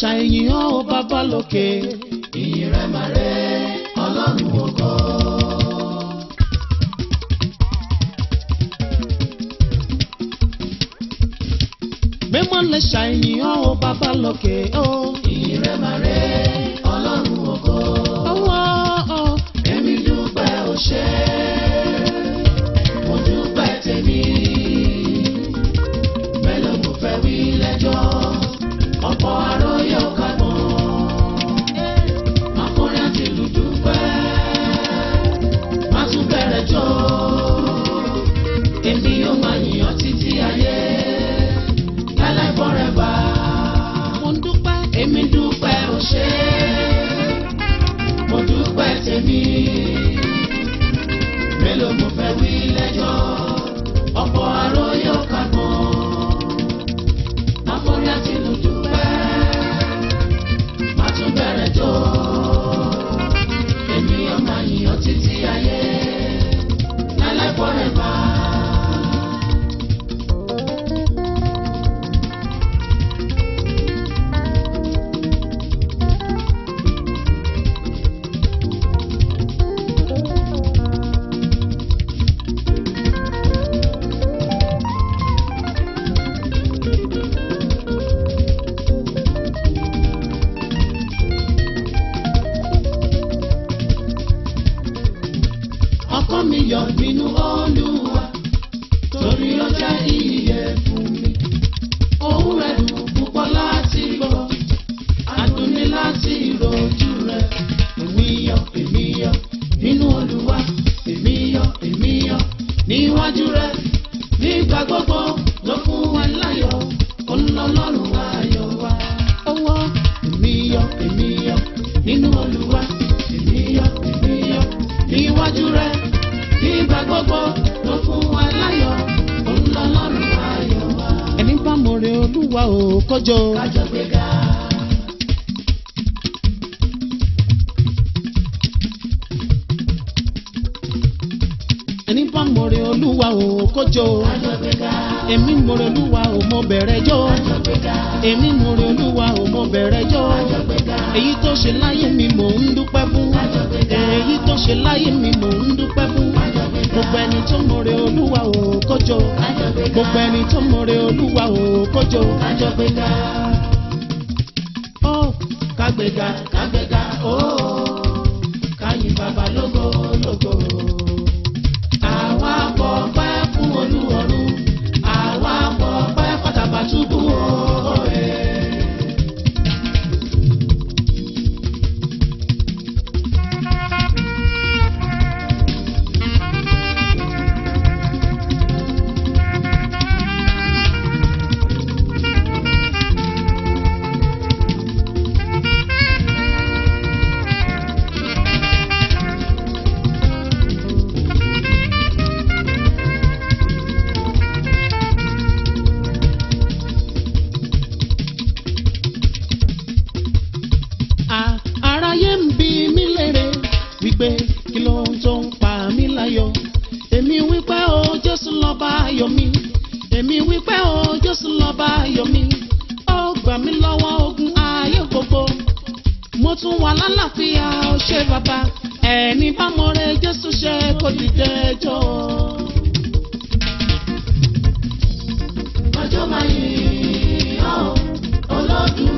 ṣàìyàn ó bàbá lókè. ìyìn rẹ̀ máa rẹ̀ ọlọ́run ògo. mímọ́ lè ṣàìyàn ó bàbá lókè. ìyìn rẹ̀ máa rẹ̀. nínú olúwa èmi yọ̀ èmi yọ̀ níwájú rẹ nígbà gbogbo ló fún wa láyọ̀ olólọ́run ayọ̀ wa ọwọ́ èmi yọ̀ èmi yọ̀ nínú olúwa èmi yọ̀ èmi yọ̀ níwájú rẹ nígbà gbogbo ló fún wa láyọ̀ olólọ́run ayọ̀ wa. ẹni bá mọ̀ olúwa ò kọjọ́. kájọ mọ̀rẹ́ olúwa ò kójó. èmi mọ̀rẹ́ olúwa ò mọ bẹ̀rẹ̀ jọ. èmi mọ̀rẹ́ olúwa ò mọ bẹ̀rẹ̀ jọ. èyí tó ṣe láyé mi mò ń dúpẹ́ fún. èyí tó ṣe láyé mi mò ń dúpẹ́ fún. gbogbo ẹni tó mọ̀rẹ́ olúwa ò kójó. gbogbo ẹni tó mọ̀rẹ́ olúwa ò kójó. kágbéga kágbéga.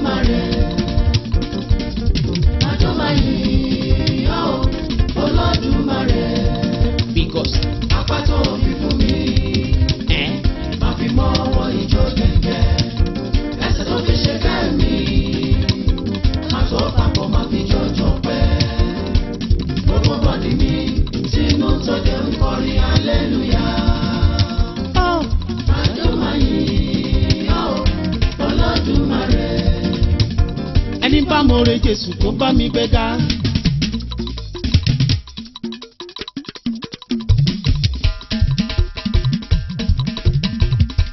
말을 bá mo re Jésù tó bá mi gbéga.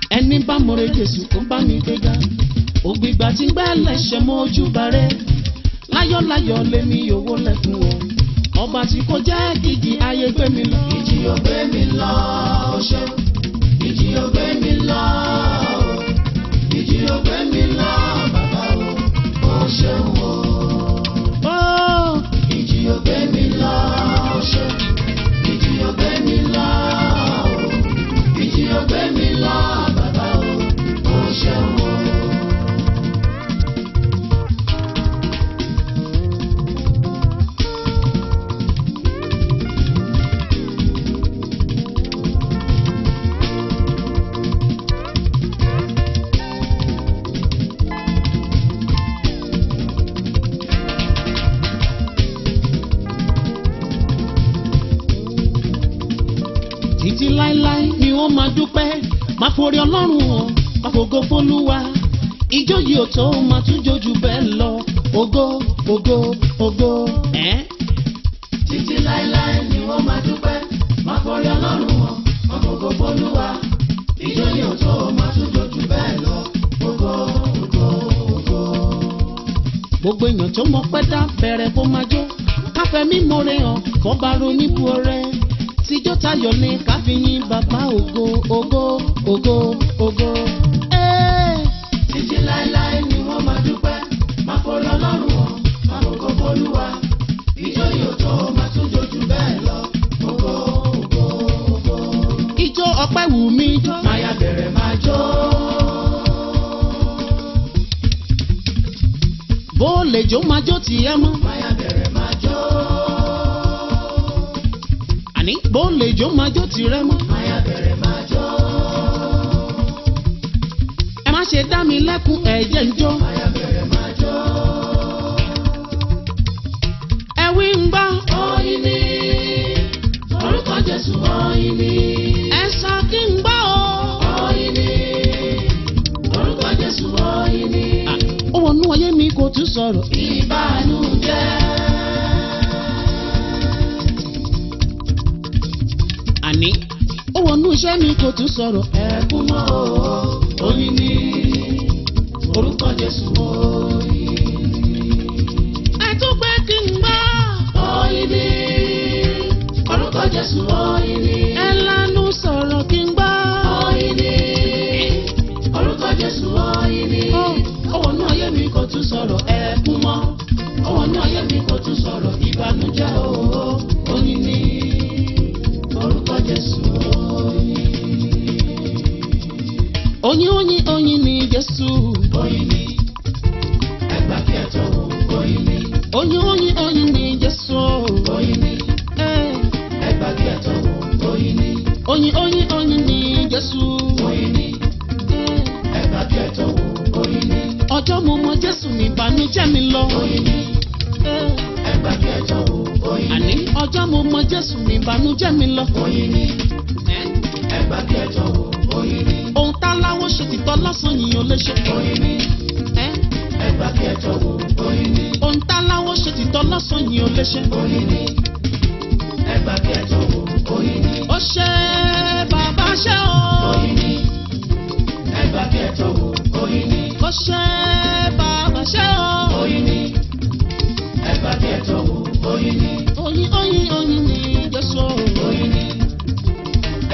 ẹni bá mo re Jésù tó bá mi gbéga. ògbìgbà tí ń gbẹ́ lẹ́sẹ̀ mọ́ ojúbà rẹ̀ láyọ̀láyọ̀ lé ní owó lẹ́kùn o. ọba tí kò jẹ́ kìjì ayé gbé mi lọ. ìjì ò gbé mi lọ ó má forí ọlọ́run o má fògo fólúwa ijó yìí ò tó má tún jójú bẹ́ẹ̀ lọ ògo ògo ògo. títí láéláé ni wọ́n máa dúpẹ́ má forí ọlọ́run o má fògo fólúwa ijó yìí ò tó má tún jójú bẹ́ẹ̀ lọ ògo ògo ògo. gbogbo èèyàn tó mọ pẹ́ dá bẹ̀rẹ̀ kó máa jó káfẹ́ mímọ́ rẹ̀ hàn kọ́ bá ronú bu ọrẹ́ tíjọ́ tayọ̀ ni káfíyìn bàbá ògo ògo. Ogo, ogo, eh. títí láéláé ni wọ́n máa dúpẹ́ máa fọlọ́ ọlọ́run wọn máa fògo fọlúwa ìjọ yóò tó máa tún jojú bẹ́ẹ̀ lọ ògo ògo ògo. ijó ọpẹ́ wù mí jó. máa ya bẹ̀rẹ̀ máa jó. bó lè jó máa jó tiẹ̀ mọ́. máa ya bẹ̀rẹ̀ máa jó. àní bó lè jó máa jó tirẹ̀ mọ́. ṣe dá mi lẹ́kùn ẹ̀jẹ̀ ń jó. ẹ̀wí ń gbọ́. oyin orúkọ Jésù oyin ẹ sọ kí n gbọ́ o. oyin orúkọ Jésù oyin ni. Ah, ó wọnú ọyẹ́ mi kò tún sọ̀rọ̀. ìbànújẹ́. àní ònú iṣẹ́ mi kò tún sọ̀rọ̀. ẹkún mọ́ o òní ní orúkọ Jésù o yìí. ẹ tún pé kí n gbọ́. oyin ní orúkọ Jésù oyin ní. ẹ lanu sọ̀rọ̀ kí n gbọ́. oyin ní orúkọ Jésù oyin ní. òun náà mi kò tún sọ̀rọ̀. oyin oyin oyin ni jésù. oyin ni eh. ẹgbà bí ẹ̀tọ́ wò ni. ọjọ́ mo mọ jésù ní ìbànújẹ́ mi lọ. oyin ni eh. ẹgbà bí ẹ̀tọ́ wò ni. àní ọjọ́ mo mọ jésù ní ìbànújẹ́ mi lọ. ni eh. ẹgbà bí ẹ̀tọ́ wò ni. ohun tá láwọn ṣe ti tọ́ lọ́sàn-án yìí ò lè ṣe. ni ẹgbà bí ẹ̀tọ́ wò ni. ohun tá láwọn ṣe ti tọ́ lọ́sàn-án yìí ò lè ṣe. oyin ni ẹgbà bí ẹ̀tọ́ wò oyin ni. ó ṣe é. bí ètò oyin ni. kò ṣe bàbá ṣe o. oyin ni ẹgbà bí ètò oyin ni. oyin oyin oyin ni jésù. oyin ni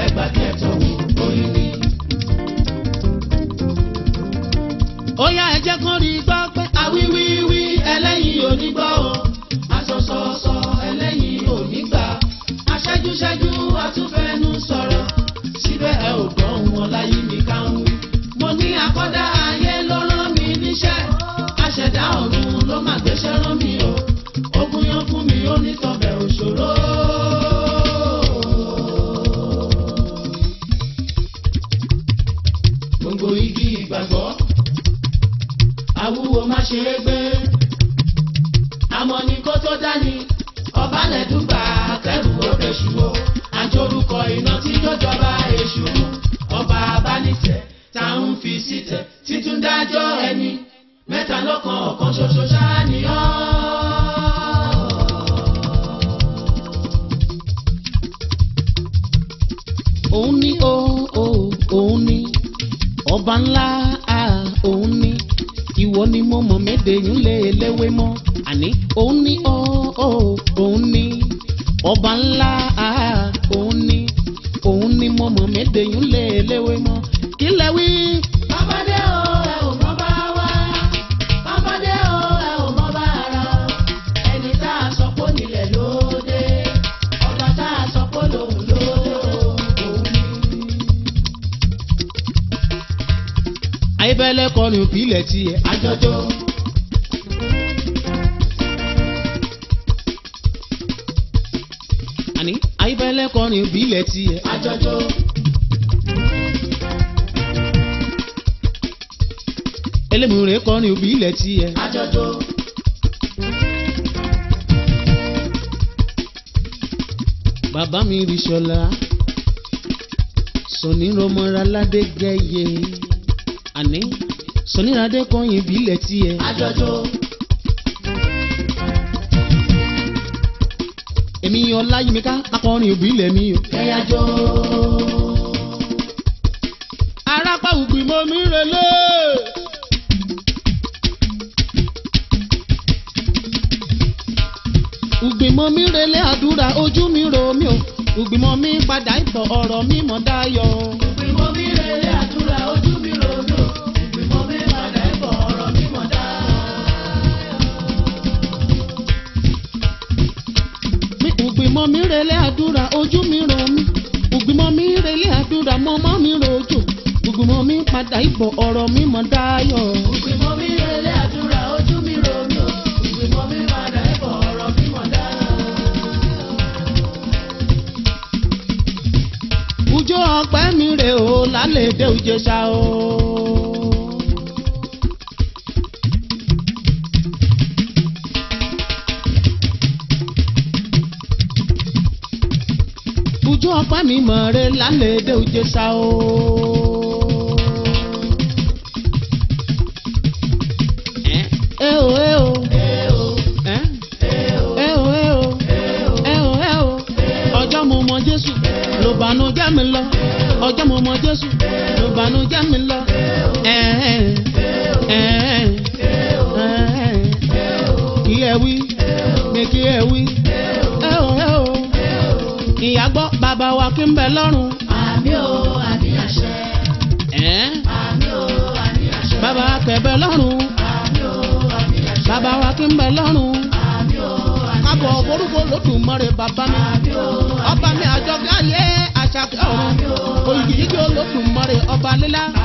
ẹgbà bí ètò oyin ni. ó yá ẹ jẹ́ kó rí gbọ́. àgbéṣẹ́ rán mi o ogun yan fún igi ìgbàgbọ́ awúwo má ṣe é gbé àmọ́ ní kó tó dání ọ̀bálẹ̀ dúgbà kẹrù òde ṣùgbọ́ àjọrúkọ iná tí yóò jọba èṣù mẹ́ta lọ́kan ọ̀kan ṣoṣo ṣáá ni ọ́. òun ni ó ó òun ni ọba ńlá òun ni ìwọ ni mo mọ̀ mẹ́dẹ̀ẹ́yìn lé eléwé mọ́ àní òun ni ó ó òun ni ọba ńlá òun ni òun ni mo mọ̀ mẹ́dẹ̀ẹ́yìn lé eléwé mọ́. àyíbẹ̀lẹ̀ kọnu ìpìlẹ̀ tiẹ̀ àjọjọ́. àní àyíbẹ̀lẹ̀ kọnu ìpìlẹ̀ tiẹ̀ àjọjọ́. elémùrè kọnu ìpìlẹ̀ tiẹ̀ àjọjọ́. bàbá mi rí sọlá sọ̀nì rọmọra ládégẹ́yẹ àní sọ̀nìràdé kọyìn ìbílẹ̀ tiẹ̀. àjọjọ. èmi ọláyímíká akọrin ìbílẹ̀ mi o. kẹyàjọ. arápá ògbìmọ̀ mi relé. ògbìmọ̀ mi relé àdúrà ojú mi rò mí o ògbìmọ̀ mi padà ìtọ̀ ọ̀rọ̀ mi mọ̀ dáyọ̀. ògbìmọ̀ mi relé àdúrà ojú mi rò mí ògbìmọ̀ mi relé àdúrà mọ́mọ́ mi rojò ògbìmọ̀ mi padà ìbò ọ̀rọ̀ mi mọ̀ dáyọ̀. ògbìmọ̀ mi relé àdúrà ojú mi rò mí o ògbìmọ̀ mi padà ìbò ọ̀rọ̀ mi mọ̀ dáyọ̀. Òjó ọpẹ́ mi rè o lálẹ́ èdè Òjèṣà o. ọpá mi mọ̀ rẹ lálẹ́ èdè òjè sá o. ẹ o ẹ o. ọjọ́ mo mọ Jésù ló bànújẹ́ mi lọ ọjọ́ mo mọ Jésù ló bànújẹ́ mi lọ. tí ń bẹ lọ́run. àmì o àmì àṣẹ. àmì o àmì àṣẹ. bàbá kẹ̀bẹ̀ lọ́run. àmì o àmì àṣẹ. bàbá wa tí ń bẹ lọ́run. àmì o àmì àṣẹ. kábọ̀ orúkọ lódùmarè bàbá mi. àmì o àmì àṣẹ. ọba mi àjọkẹ́ ayé àṣàkẹ́ ọ̀run. àmì o àmì àṣẹ. òyìnbó lódùmarè ọba lílá. àmì o àmì àṣẹ.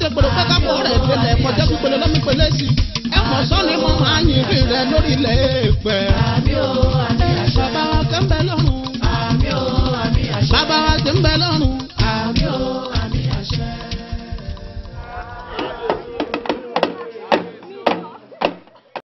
tètè gbòòrò pé kápò rẹ̀ gbélé kọjá gbígbélé lọ́mí pélé sí ẹ mọ̀ sọ́ni mọ́ àyìnrín rẹ̀ lórí ilẹ̀ èèpẹ̀.